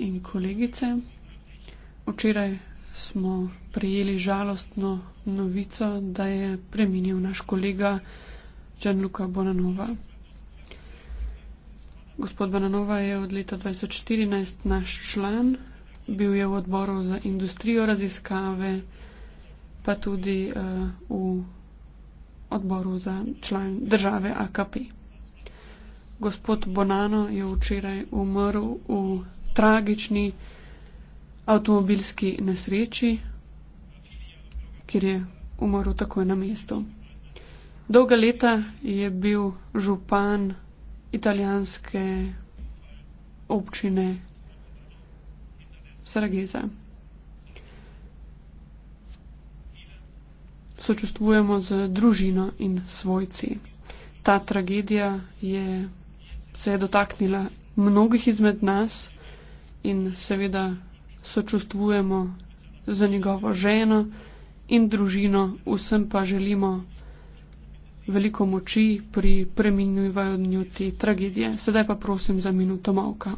in kolegice. Včeraj smo prejeli žalostno novico, da je preminil naš kolega Čanluka Bonanova. Gospod Bonanova je od leta 2014 naš član, bil je v odboru za industrijo raziskave, pa tudi uh, v odboru za član države AKP. Gospod Bonano je včeraj umrl v tragični avtomobilski nesreči, kjer je umrl takoj na mestu. Dolga leta je bil župan italijanske občine Sarageza. Sočustvujemo z družino in svojci. Ta tragedija je se je dotaknila mnogih izmed nas in seveda sočustvujemo za njegovo ženo in družino, vsem pa želimo veliko moči pri preminjivanju te tragedije. Sedaj pa prosim za minuto molka.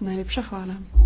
najlepša hvala.